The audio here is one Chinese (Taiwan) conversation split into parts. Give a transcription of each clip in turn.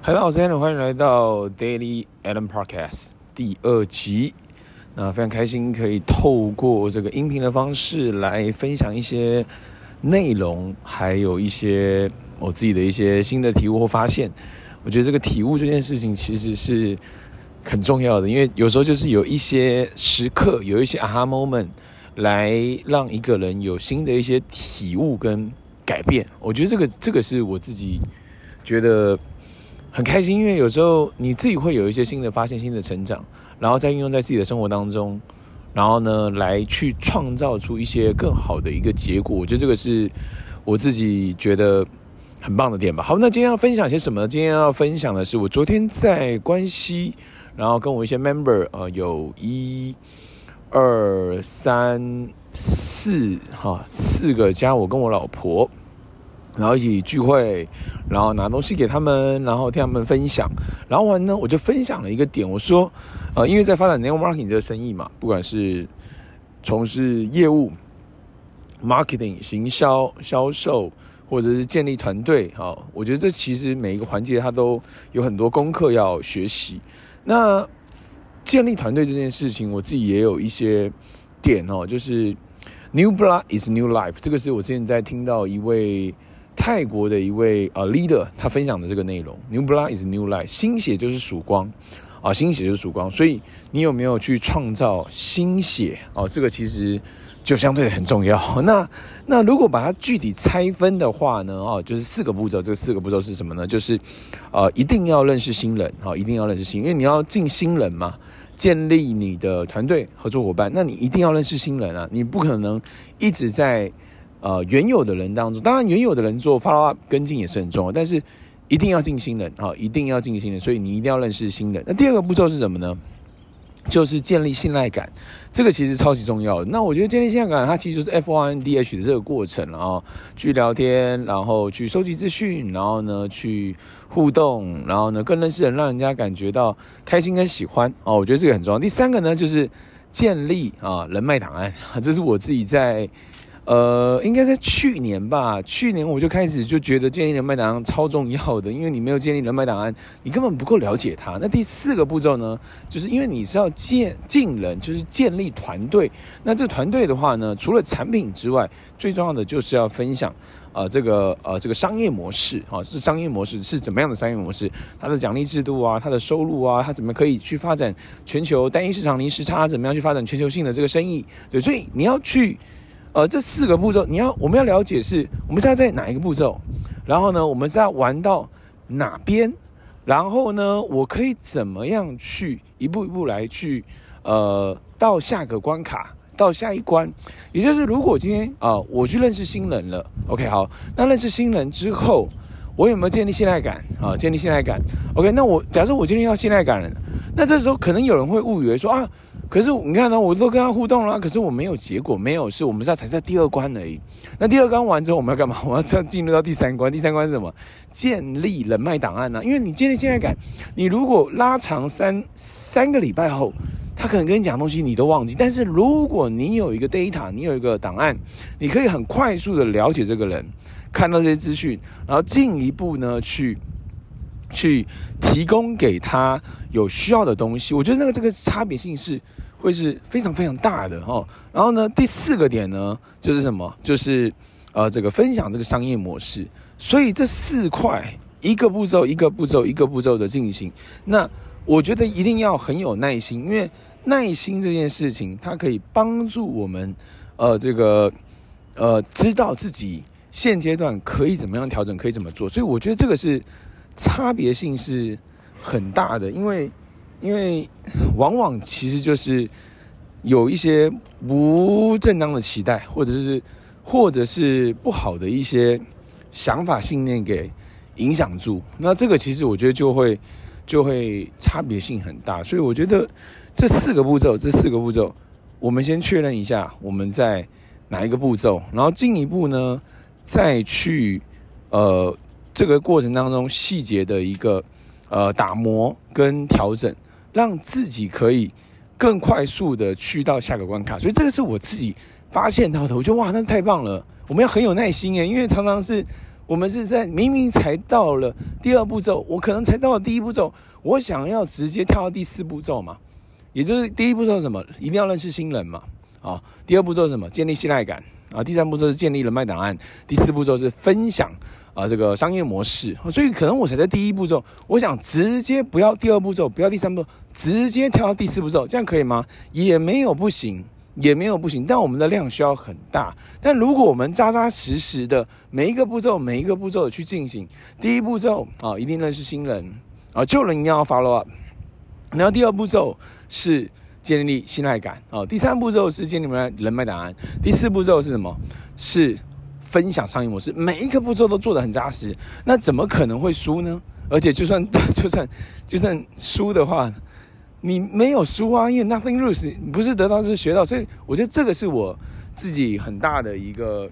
Hello，大家好，歡迎來到 Daily Allen Podcast 第二集。那非常開心可以透過這個音頻的方式來分享一些內容，還有一些我自己的一些新的體悟或發現。我覺得這個體悟這件事情其實是很重要的，因為有時候就是有一些時刻，有一些啊哈 moment 來讓一個人有新的一些體悟跟改變。我覺得這個這個是我自己覺得。很開心，因為有時候你自己會有一些新的發現、新的成長，然後再應用在自己的生活當中，然後呢，來去創造出一些更好的一個結果。我覺得這個是我自己覺得很棒的點吧。好，那今天要分享些什麼？今天要分享的是我昨天在關西，然後跟我一些 member 呃，有一二三四哈四個加我跟我老婆。然後一起聚會，然後拿東西給他們，然後聽他們分享。然後完呢，我就分享了一個點，我說，呃，因為在發展 network marketing 這個生意嘛，不管是從事業務、marketing、行銷、銷售，或者是建立團隊，哈、哦，我覺得這其實每一個環節它都有很多功課要學習。那建立團隊這件事情，我自己也有一些點哦，就是 new blood is new life，這個是我之前在聽到一位。泰國的一位呃 leader，他分享的這個內容，New blood is new life，新血就是曙光，啊，新血就是曙光，所以你有沒有去創造新血哦，這個其實就相對很重要。那那如果把它具體拆分的話呢，啊就是四個步驟，這四個步驟是什麼呢？就是啊，一定要認識新人，啊一定要認識新，因為你要進新人嘛，建立你的團隊合作夥伴，那你一定要認識新人啊，你不可能一直在。呃，原有的人當中，當然原有的人做 follow up 跟進也是很重要，但是一定要進新人啊、哦，一定要進新人，所以你一定要認識新人。那第二個步驟是什麼呢？就是建立信賴感，這個其實超級重要的。那我覺得建立信賴感，它其實就是 F Y N D H 的這個過程啊、哦，去聊天，然後去收集資訊，然後呢去互動，然後呢更認識人，讓人家感覺到開心跟喜歡哦。我覺得這個很重要。第三個呢，就是建立啊、哦、人脈檔案，這是我自己在。呃，應該在去年吧。去年我就開始就覺得建立人脈檔案超重要的，因為你沒有建立人脈檔案，你根本不夠了解他。那第四個步驟呢，就是因為你是要建進人，就是建立團隊。那這團隊的話呢，除了產品之外，最重要的就是要分享。呃，這個呃，這個商業模式啊，是商業模式是怎麼樣的商業模式？它的獎勵制度啊，它的收入啊，它怎麼可以去發展全球單一市場零時差？怎麼樣去發展全球性的這個生意？對，所以你要去。呃，這四個步驟，你要我們要了解是，我們現在在哪一個步驟，然後呢，我們是要玩到哪邊，然後呢，我可以怎麼樣去一步一步來去，呃，到下個關卡，到下一關，也就是如果今天啊、呃，我去認識新人了，OK，好，那認識新人之後，我有沒有建立信賴感啊？建立信賴感，OK，那我假設我建立到信賴感了，那這時候可能有人會誤以為說啊。可是你看呢，我都跟他互動了啊，可是我沒有結果，沒有事，我們是要才在第二關而已。那第二關完之後，我們要幹嘛？我要再進入到第三關。第三關是什麼？建立人脈檔案呢啊？因為你建立信賴感，你如果拉長三三個禮拜後，他可能跟你講的東西你都忘記。但是如果你有一個 data，你有一個檔案，你可以很快速的了解這個人，看到這些資訊，然後進一步呢去。去提供給他有需要的東西，我覺得那個這個差別性是會是非常非常大的哦。然後呢，第四個點呢就是什麼？就是呃，這個分享這個商業模式。所以這四塊一個步驟一個步驟一個步驟一個步驟的進行。那我覺得一定要很有耐心，因為耐心這件事情它可以幫助我們呃這個呃知道自己現階段可以怎麼樣調整，可以怎麼做。所以我覺得這個是。差別性是很大的，因為，因為往往其實就是有一些不正當的期待，或者是，或者是不好的一些想法信念給影響住。那這個其實我覺得就會就會差別性很大。所以我覺得這四個步驟，這四個步驟，我們先確認一下我們在哪一個步驟，然後進一步呢再去呃。這個過程當中細節的一個呃打磨跟調整，讓自己可以更快速的去到下個關卡，所以這個是我自己發現到的，我覺得哇，那太棒了！我們要很有耐心誒，因為常常是我們是在明明才到了第二步驟，我可能才到了第一步驟，我想要直接跳到第四步驟嘛，也就是第一步驟什麼，一定要認識新人嘛，啊，第二步驟是什麼，建立信賴感。啊，第三步驟是建立人脈檔案，第四步驟是分享啊這個商業模式，所以可能我才在第一步驟，我想直接不要第二步驟，不要第三步，直接跳到第四步驟，這樣可以嗎？也沒有不行，也沒有不行，但我們的量需要很大。但如果我們扎扎實實的每一個步驟，每一個步驟的去進行，第一步驟啊，一定認識新人啊，舊人一定要 follow up，然後第二步驟是。建立信賴感哦。第三步驟是建立人脈檔案。第四步驟是什麼？是分享商業模式。每一個步驟都做得很扎實，那怎麼可能會輸呢？而且就算就算就算輸的話，你沒有輸啊，因為 nothing lose 不是得到是學到，所以我覺得這個是我自己很大的一個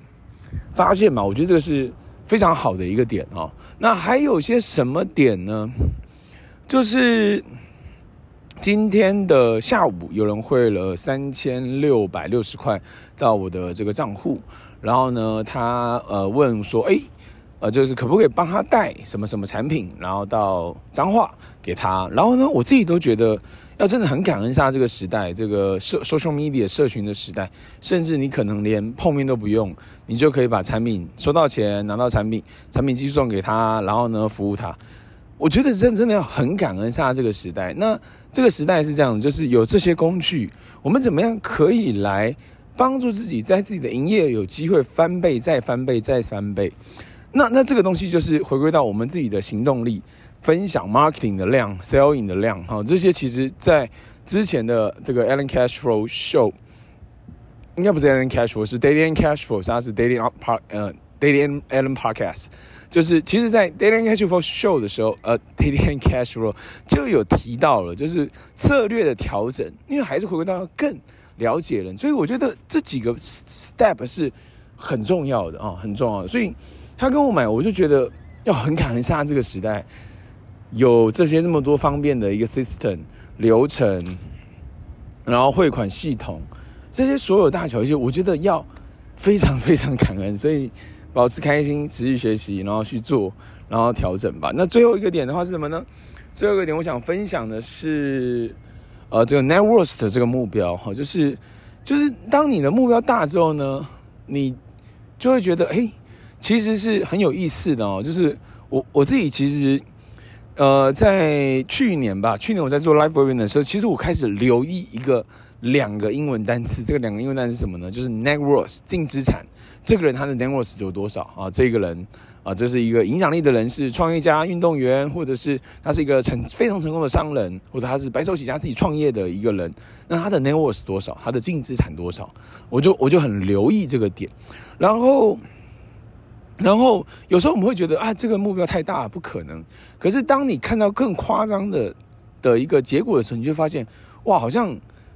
發現嘛。我覺得這個是非常好的一個點哦。那還有些什麼點呢？就是。今天的下午，有人匯了三千六百六十塊到我的這個賬戶，然後呢，他呃問說，哎、欸，呃，就是可不可以幫他帶什麼什麼產品，然後到彰化給他，然後呢，我自己都覺得要真的很感恩下這個時代，這個社 social media 社群的時代，甚至你可能連碰面都不用，你就可以把產品收到錢，拿到產品，產品寄送給他，然後呢，服務他。我覺得真的真的要很感恩下這個時代。那這個時代是這樣的，就是有這些工具，我們怎麼樣可以來幫助自己在自己的營業有機會翻倍、再翻倍、再翻倍？那那這個東西就是回歸到我們自己的行動力、分享 marketing 的量、selling 的量，哈，這些其實在之前的這個 Allen Cashflow Show，應該不是 Allen Cashflow，是 Daily Cashflow，啥是 Daily Up a Daily and Alan Podcast 就是，其實，在 Daily Cashflow Show 的時候，呃，Daily Cashflow 就有提到了，就是策略的調整，因為還是回歸到更了解人，所以我覺得這幾個 step 是很重要的啊，很重要的。所以他跟我買，我就覺得要很感恩，現在這個時代有這些這麼多方便的一個 system 流程，然後匯款系統這些所有大小事，我覺得要非常非常感恩，所以。保持開心，持續學習，然後去做，然後調整吧。那最後一個點的話是什麼呢？最後一個點，我想分享的是，呃，這個 net worth 的這個目標就是，就是當你的目標大之後呢，你就會覺得，哎、欸，其實是很有意思的哦。就是我我自己其實，呃，在去年吧，去年我在做 life working 的時候，其實我開始留意一個。兩個英文單詞，這個兩個英文單詞是什麼呢？就是 net worth，淨資產。這個人他的 net worth 有多少啊？這個人啊，這是一個影響力的人，是創業家、運動員，或者是他是一個成非常成功的商人，或者他是白手起家自己創業的一個人。那他的 net worth 是多少？他的淨資產多少？我就我就很留意這個點。然後，然後有時候我們會覺得啊，這個目標太大了，不可能。可是當你看到更誇張的的一個結果的時候，你就發現哇，好像。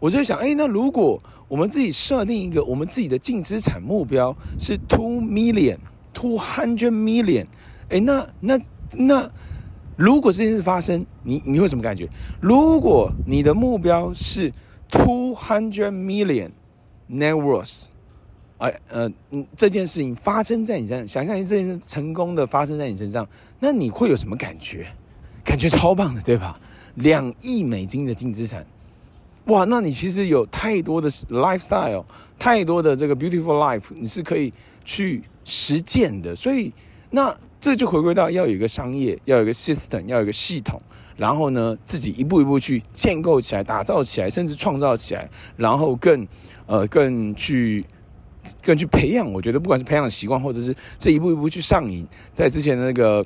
我就想，哎、欸，那如果我們自己設定一個我們自己的淨資產目標是 two million, two hundred million，哎、欸，那那那，如果這件事發生，你你會什麼感覺？如果你的目標是 two hundred million net worth，哎、啊、呃，嗯，這件事情發生在你身上，想象一下這件事成功的發生在你身上，那你會有什麼感覺？感覺超棒的，對吧？兩億美金的淨資產。哇，那你其實有太多的 lifestyle，太多的這個 beautiful life，你是可以去實踐的。所以，那這就回歸到要有一個商業，要有一個 system，要有一個系統，然後呢，自己一步一步去建構起來、打造起來，甚至創造起來，然後更，呃，更去，更去培養。我覺得不管是培養的習慣，或者是這一步一步去上癮，在之前的那個。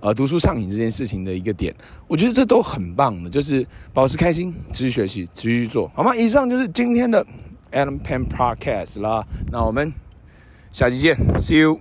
呃，讀書上癮這件事情的一個點，我覺得這都很棒的，就是保持開心，持續學習，持續做好嗎？以上就是今天的 Allen Peng Podcast 啦。那我們下期見，See you。